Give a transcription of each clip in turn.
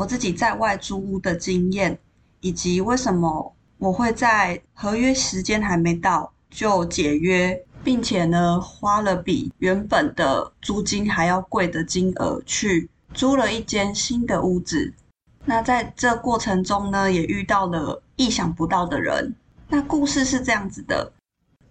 我自己在外租屋的經驗，以及為什麼我會在合約時間還沒到就解約，並且呢，花了比原本的租金還要貴的金額去租了一間新的屋子。那在這過程中呢，也遇到了意想不到的人。那故事是這樣子的，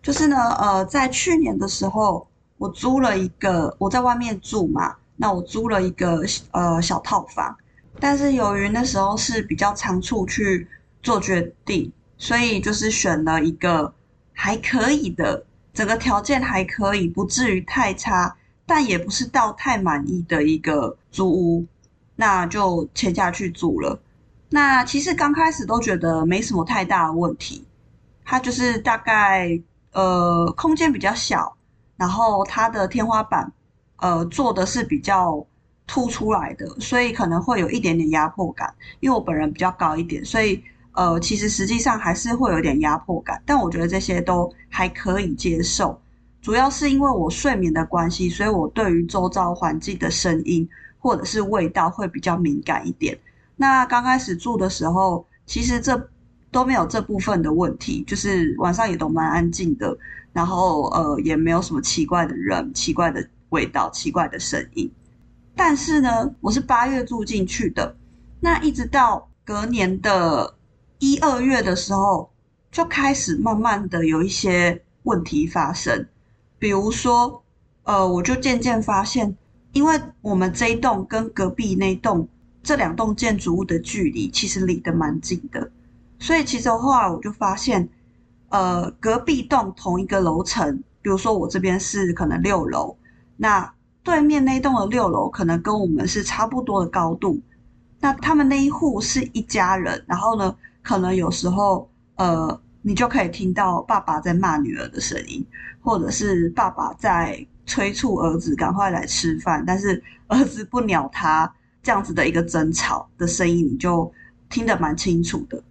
就是呢，呃，在去年的時候，我租了一個，我在外面住嘛，那我租了一個，呃，呃小套房。但是由於那時候是比較倉促去做決定，所以就是選了一個還可以的，整個條件還可以，不至於太差，但也不是到太滿意的一個租屋，那就簽下去住了。那其實剛開始都覺得沒什麼太大的問題，它就是大概呃空間比較小，然後它的天花板呃做的是比較。突出來的，所以可能會有一點點壓迫感。因為我本人比較高一點，所以呃，其實實際上還是會有點壓迫感。但我覺得這些都還可以接受，主要是因為我睡眠的關係，所以我對於周遭環境的聲音或者是味道會比較敏感一點。那剛開始住的時候，其實這都沒有這部分的問題，就是晚上也都蠻安靜的，然後呃也沒有什麼奇怪的人、奇怪的味道、奇怪的聲音。但是呢，我是八月住進去的，那一直到隔年的一二月的時候，就開始慢慢的有一些問題發生，比如說，呃，我就漸漸發現，因為我們這一棟跟隔壁那棟這兩棟建築物的距離其實離得蠻近的，所以其實後來我就發現，呃，隔壁棟同一個樓層，比如說我這邊是可能六樓，那。對面那棟的六樓可能跟我們是差不多的高度，那他們那一戶是一家人，然後呢，可能有時候呃，你就可以聽到爸爸在罵女兒的聲音，或者是爸爸在催促兒子趕快來吃飯，但是兒子不鳥他這樣子的一個爭吵的聲音，你就聽得蠻清楚的。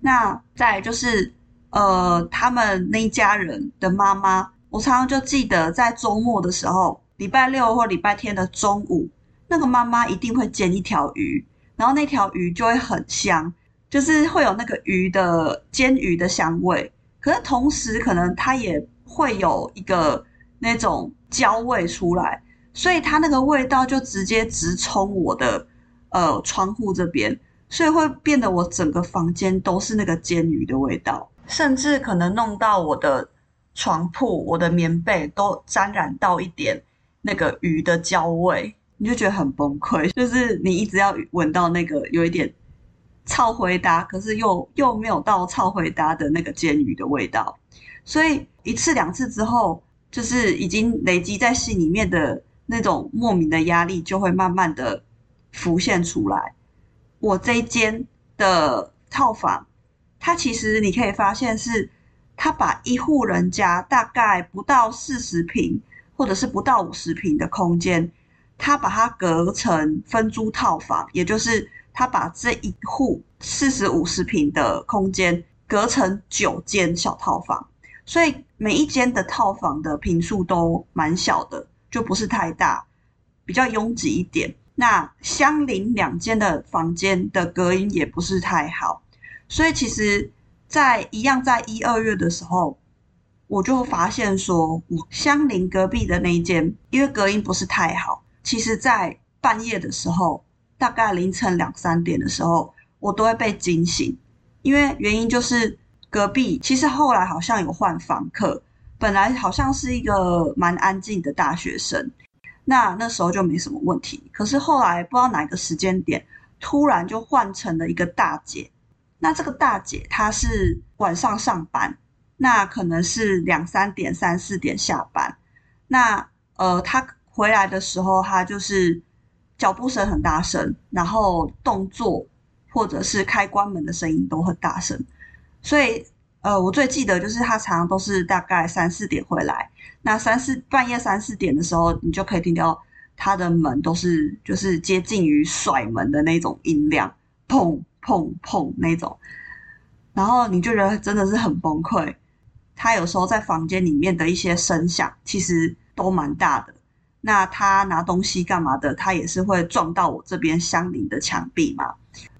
那再來就是呃，他們那一家人的媽媽，我常常就記得在週末的時候。禮拜六或禮拜天的中午，那個媽媽一定會煎一條魚，然後那條魚就會很香，就是會有那個魚的煎魚的香味。可是同時，可能它也會有一個那種焦味出來，所以它那個味道就直接直衝我的呃窗戶這邊，所以會變得我整個房間都是那個煎魚的味道，甚至可能弄到我的床鋪、我的棉被都沾染到一點。那個魚的焦味，你就覺得很崩潰，就是你一直要聞到那個有一點臭回答，可是又又沒有到臭回答的那個煎魚的味道，所以一次兩次之後，就是已經累積在心裡面的那種莫名的壓力，就會慢慢的浮現出來。我這一間的套房，它其實你可以發現是它把一戶人家大概不到四十平，或者是不到五十坪的空間，他把它隔成分租套房，也就是他把這一戶四十五十坪的空間隔成九間小套房，所以每一間的套房的坪數都蠻小的，就不是太大，比較擁擠一點。那相鄰兩間的房間的隔音也不是太好，所以其實在，在一樣在一二月的時候。我就發現說，我相鄰隔壁的那一間，因為隔音不是太好，其實，在半夜的時候，大概凌晨兩三點的時候，我都會被驚醒，因為原因就是隔壁，其實後來好像有換房客，本來好像是一個蠻安靜的大學生，那那時候就沒什麼問題，可是後來不知道哪個時間點，突然就換成了一個大姐，那這個大姐她是晚上上班。那可能是兩三點、三四點下班，那呃，他回來的時候，他就是腳步聲很大聲，然後動作或者是開關門的聲音都很大聲，所以呃，我最記得就是他常常都是大概三四點回來，那三四半夜三四點的時候，你就可以聽到他的門都是就是接近於甩門的那種音量，砰砰砰那種，然後你就覺得真的是很崩潰。他有時候在房間裡面的一些聲響，其實都蠻大的。那他拿東西幹嘛的？他也是會撞到我這邊相鄰的牆壁嘛。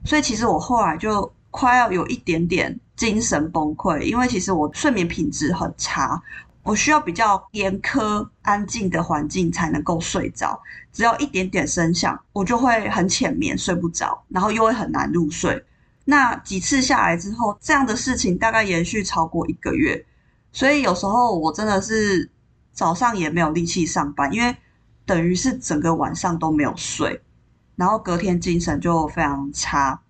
所以其實我後來就快要有一點點精神崩潰，因為其實我睡眠品質很差，我需要比較嚴苛安靜的環境才能夠睡着。只要一點點聲響，我就會很淺眠睡不着，然後又會很難入睡。那幾次下來之後，這樣的事情大概延續超過一個月。所以有時候我真的是早上也沒有力氣上班，因為等於是整個晚上都沒有睡，然後隔天精神就非常差。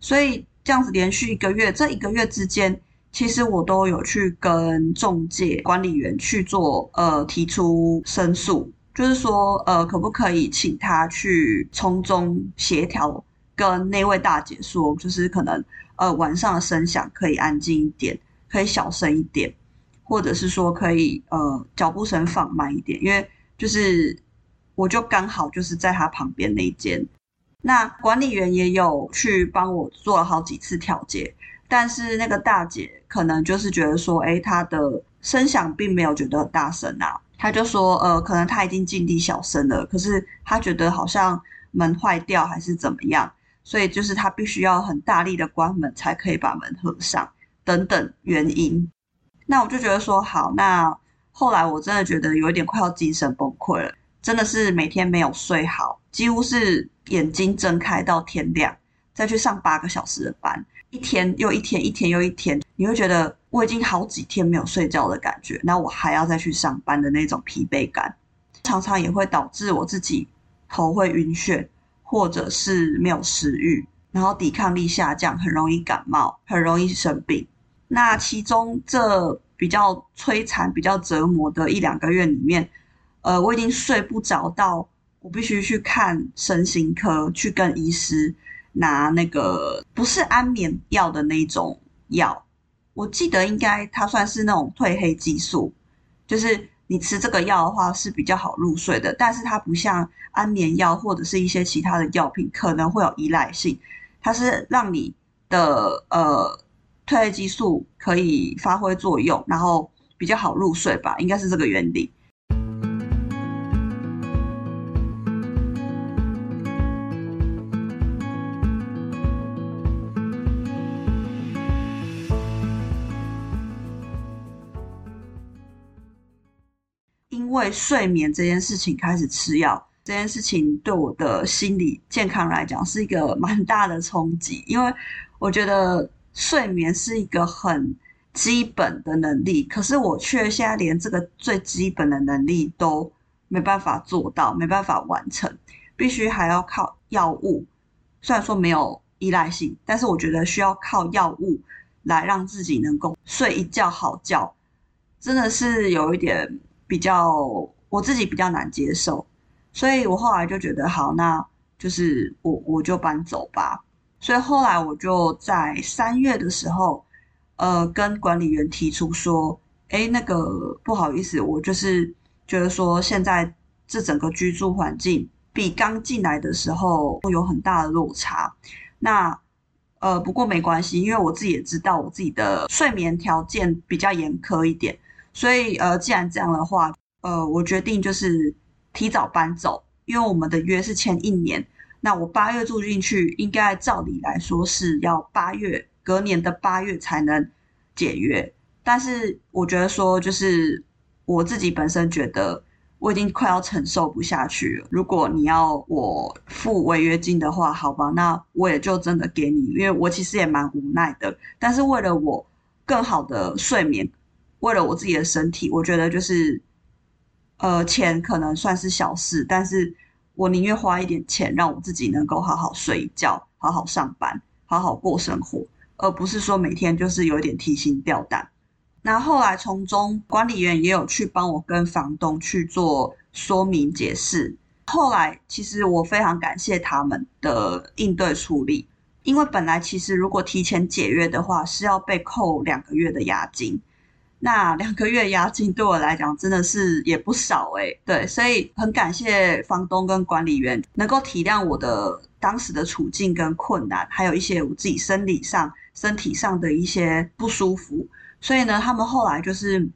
所以這樣子連續一個月，這一個月之間，其實我都有去跟仲介管理員去做呃提出申訴，就是說呃可不可以請他去從中協調跟那位大姐說，就是可能呃晚上的聲響可以安靜一點，可以小聲一點。或者是說可以，呃，腳步聲放慢一點，因為就是我就剛好就是在他旁邊那一間，那管理員也有去幫我做了好幾次調節，但是那個大姐可能就是覺得說，哎、欸，她的聲響並沒有覺得很大聲啊，他就說，呃，可能他已經盡力小聲了，可是他覺得好像門壞掉還是怎麼樣，所以就是他必須要很大力的關門才可以把門合上，等等原因。那我就覺得說好，那後來我真的覺得有一點快要精神崩潰了，真的是每天沒有睡好，幾乎是眼睛睜開到天亮，再去上八個小時的班，一天又一天，一天又一天，你會覺得我已經好幾天沒有睡覺的感覺，那我還要再去上班的那種疲憊感，常常也會導致我自己頭會暈眩，或者是沒有食慾，然後抵抗力下降，很容易感冒，很容易生病。那其中這比較摧殘、比較折磨的一兩個月裡面，呃，我已經睡不着到，到我必須去看身心科，去跟醫師拿那個不是安眠藥的那種藥。我記得應該它算是那種褪黑激素，就是你吃這個藥的話是比較好入睡的，但是它不像安眠藥或者是一些其他的藥品可能會有依賴性，它是讓你的呃。褪黑激素可以發揮作用，然後比較好入睡吧，應該是這個原理。因為睡眠這件事情開始吃藥，這件事情對我的心理健康來講是一個蠻大的衝擊，因為我覺得。睡眠是一個很基本的能力，可是我卻現在連這個最基本的能力都沒辦法做到，沒辦法完成，必須還要靠藥物。雖然說沒有依賴性，但是我覺得需要靠藥物來讓自己能夠睡一覺好覺，真的是有一點比較，我自己比較難接受，所以我後來就覺得好，那就是我，我就搬走吧。所以後來我就在三月的時候，呃，跟管理員提出說，誒，那個不好意思，我就是覺得說現在這整個居住環境比剛進來的時候會有很大的落差。那呃，不過沒關係，因為我自己也知道我自己的睡眠條件比較嚴苛一點，所以呃，既然這樣的話，呃，我決定就是提早搬走，因為我們的約是簽一年。那我八月住進去，應該照理來說是要八月，隔年的八月才能解約。但是我覺得說，就是我自己本身覺得我已經快要承受不下去了。如果你要我付違約金的話，好吧，那我也就真的給你，因為我其實也蠻無奈的。但是為了我更好的睡眠，為了我自己的身體，我覺得就是，呃，錢可能算是小事，但是。我寧願花一點錢，讓我自己能夠好好睡覺，好好上班，好好過生活，而不是說每天就是有一點提心吊膽。那後來從中管理員也有去幫我跟房東去做說明解釋。後來其實我非常感謝他們的應對處理，因為本來其實如果提前解約的話是要被扣兩個月的押金。那兩個月押金對我來講真的是也不少誒、欸、對，所以很感謝房東跟管理員能夠體諒我的當時的處境跟困難，還有一些我自己生理上、身體上的一些不舒服。所以呢，他們後來就是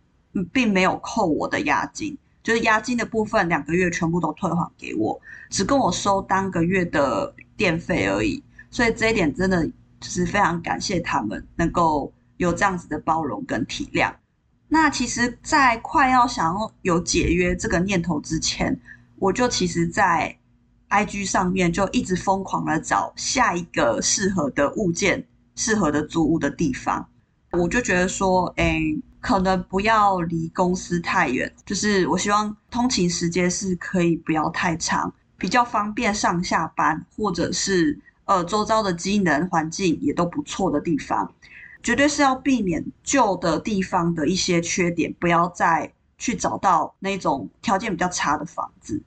並沒有扣我的押金，就是押金的部分兩個月全部都退還給我，只跟我收當個月的電費而已。所以這一點真的就是非常感謝他們能夠有這樣子的包容跟體諒。那其實，在快要想要有解約這個念頭之前，我就其實，在 IG 上面就一直瘋狂的找下一個適合的物件，適合的租屋的地方。我就覺得說誒，可能不要離公司太遠，就是我希望通勤時間是可以不要太長，比較方便上下班，或者是呃周遭的機能環境也都不錯的地方。絕對是要避免舊的地方的一些缺點，不要再去找到那種條件比較差的房子。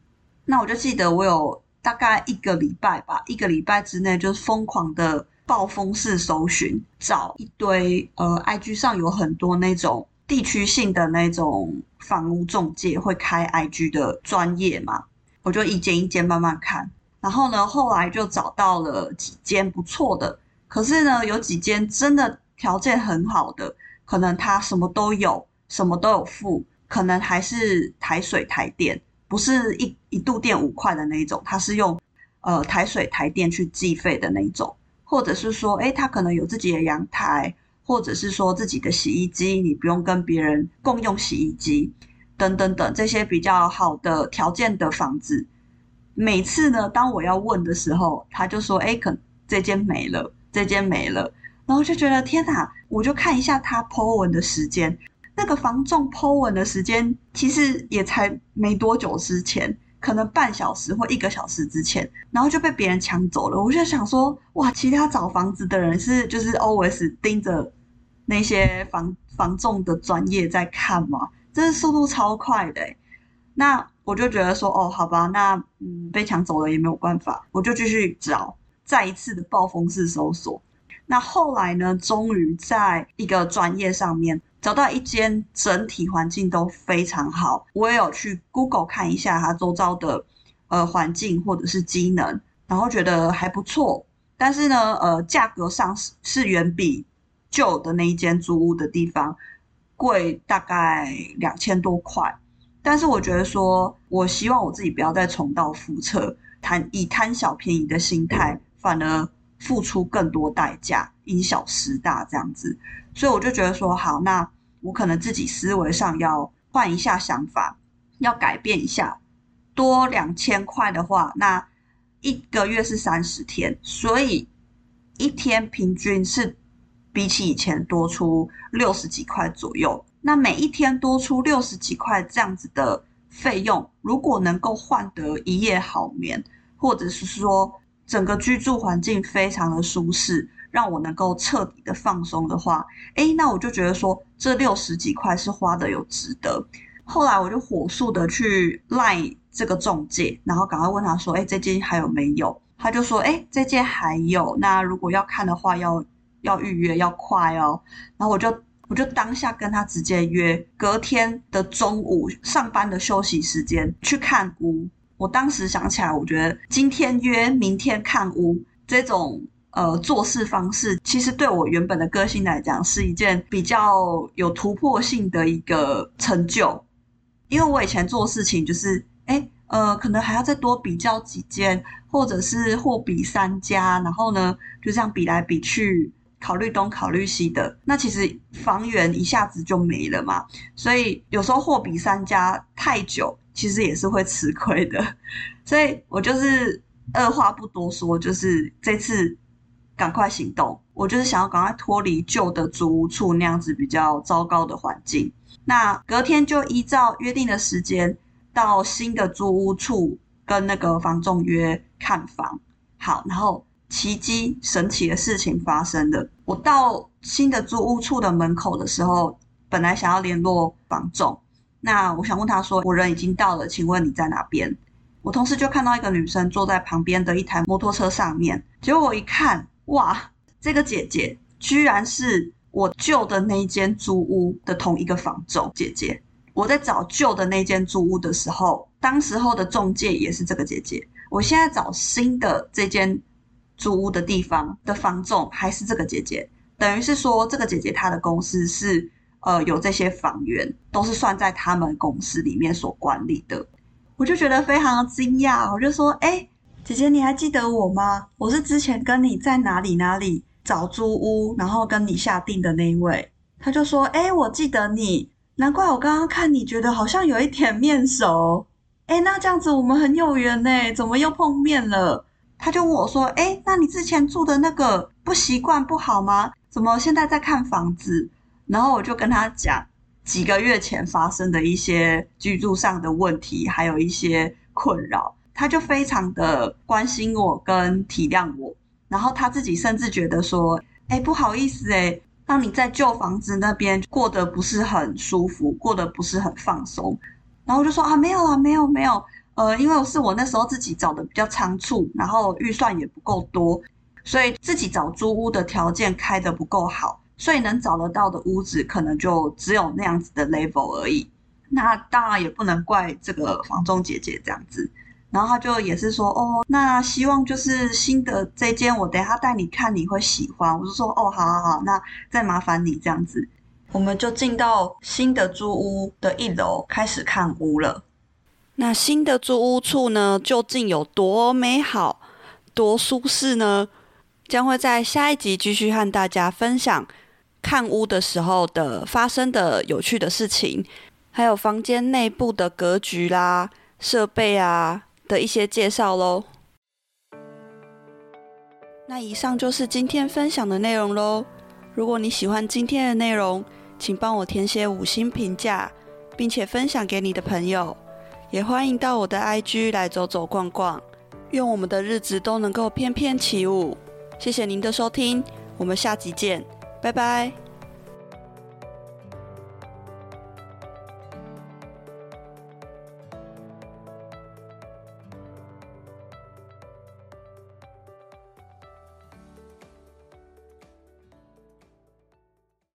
那我就記得我有大概一個禮拜吧，一個禮拜之內就是瘋狂的暴風式搜尋，找一堆呃，IG 上有很多那種地區性的那種房屋仲介會開 IG 的專業嘛，我就一間一間慢慢看。然後呢，後來就找到了幾間不錯的，可是呢，有幾間真的。條件很好的，可能他什麼都有，什麼都有付，可能還是台水台電，不是一一度電五塊的那一種，他是用呃台水台電去計費的那一種，或者是說，哎，他可能有自己的陽台，或者是說自己的洗衣機，你不用跟別人共用洗衣機，等等等這些比較好的條件的房子，每次呢，當我要問的時候，他就說，哎，可這間沒了，這間沒了。然後就覺得天哪，我就看一下他 po 文的時間，那個房仲 po 文的時間其實也才沒多久之前，可能半小時或一個小時之前，然後就被別人搶走了。我就想說，哇，其他找房子的人是就是 always 盯着那些房房仲的專業在看嘛，真是速度超快的。那我就覺得說，哦，好吧，那嗯被搶走了也沒有辦法，我就繼續找，再一次的暴風式搜索。那後來呢？終於在一個專業上面找到一間整體環境都非常好，我也有去 Google 看一下它周遭的呃環境或者是機能，然後覺得還不錯。但是呢，呃，價格上是是遠比舊的那一間租屋的地方貴大概兩千多塊。但是我覺得說，我希望我自己不要再重蹈覆轍，貪以貪小便宜的心態，嗯、反而。付出更多代價，因小失大這樣子，所以我就覺得說，好，那我可能自己思維上要換一下想法，要改變一下。多兩千塊的話，那一個月是三十天，所以一天平均是比起以前多出六十幾塊左右。那每一天多出六十幾塊這樣子的費用，如果能夠換得一夜好眠，或者是說，整個居住環境非常的舒適，讓我能夠徹底的放鬆的話，哎，那我就覺得說，這六十幾塊是花的有值得。後來我就火速的去賴這個仲介，然後趕快問他說，哎，這間還有沒有？他就說，哎，這間還有，那如果要看的話，要要預約，要快哦。然後我就我就當下跟他直接約，隔天的中午上班的休息時間去看屋。我當時想起來，我覺得今天約，明天看屋這種呃做事方式，其實對我原本的個性來講是一件比較有突破性的一個成就，因為我以前做事情就是，誒呃，可能還要再多比較幾間，或者是貨比三家，然後呢就這樣比來比去，考慮東考慮西的，那其實房源一下子就沒了嘛，所以有時候貨比三家太久，其實也是會吃虧的，所以我就是二話不多說，就是這次趕快行動，我就是想要趕快脫離舊的租屋處那樣子比較糟糕的環境。那隔天就依照約定的時間到新的租屋處跟那個房仲約看房。好，然後奇跡神奇的事情發生了。我到新的租屋處的門口的時候，本來想要聯絡房仲。那我想問他說，我人已經到了，請問你在哪邊？我同時就看到一個女生坐在旁邊的一台摩托車上面。結果我一看，哇，這個姐姐居然是我舊的那一間租屋的同一個房仲姐姐。我在找舊的那間租屋的時候，當時候的中介也是這個姐姐。我現在找新的這間租屋的地方的房仲還是這個姐姐，等於是說這個姐姐她的公司是。呃，有這些房源都是算在他們公司裡面所管理的，我就覺得非常驚訝。我就說：“誒，姐姐，你還記得我嗎？我是之前跟你在哪裡哪裡找租屋，然後跟你下定的那一位。”他就說：“誒，我記得你，難怪我剛剛看你覺得好像有一點面熟。誒，那這樣子我們很有緣呢，怎麼又碰面了？”他就問我說：“誒，那你之前住的那個不習慣不好嗎？怎麼現在在看房子？”然後我就跟他講幾個月前發生的一些居住上的問題，還有一些困擾，他就非常的關心我跟體諒我。然後他自己甚至覺得說：“哎、欸，不好意思、欸，哎，讓你在舊房子那邊過得不是很舒服，過得不是很放鬆。”然後我就說：“啊，沒有啊，沒有，沒有，呃，因為是我那時候自己找的比較倉促，然後預算也不夠多，所以自己找租屋的條件開得不夠好。”所以能找得到的屋子，可能就只有那樣子的 level 而已。那當然也不能怪這個房仲姐姐這樣子。然後她就也是說，哦，那希望就是新的這間，我等下帶你看，你會喜歡。我就說，哦，好好好，那再麻煩你這樣子。我們就進到新的租屋的一樓，開始看屋了。那新的租屋處呢，究竟有多美好、多舒適呢？將會在下一集繼續和大家分享。看屋的時候的發生的有趣的事情，還有房間內部的格局啦、設備啊的一些介紹嘍。那以上就是今天分享的內容嘍。如果你喜歡今天的內容，請幫我填寫五星評價，並且分享給你的朋友。也歡迎到我的 IG 來走走逛逛，願我們的日子都能夠翩翩起舞。謝謝您的收聽，我們下集見。拜拜。